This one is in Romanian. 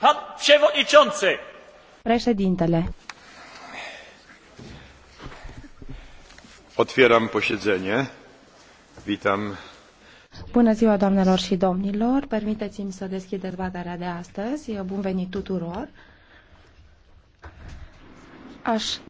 Pan przewodniczący! Președintele. Otwieram posiedzenie. Witam. Bună ziua, doamnelor și domnilor. Permiteți-mi să deschid dezbaterea de astăzi. Bun venit tuturor. Aș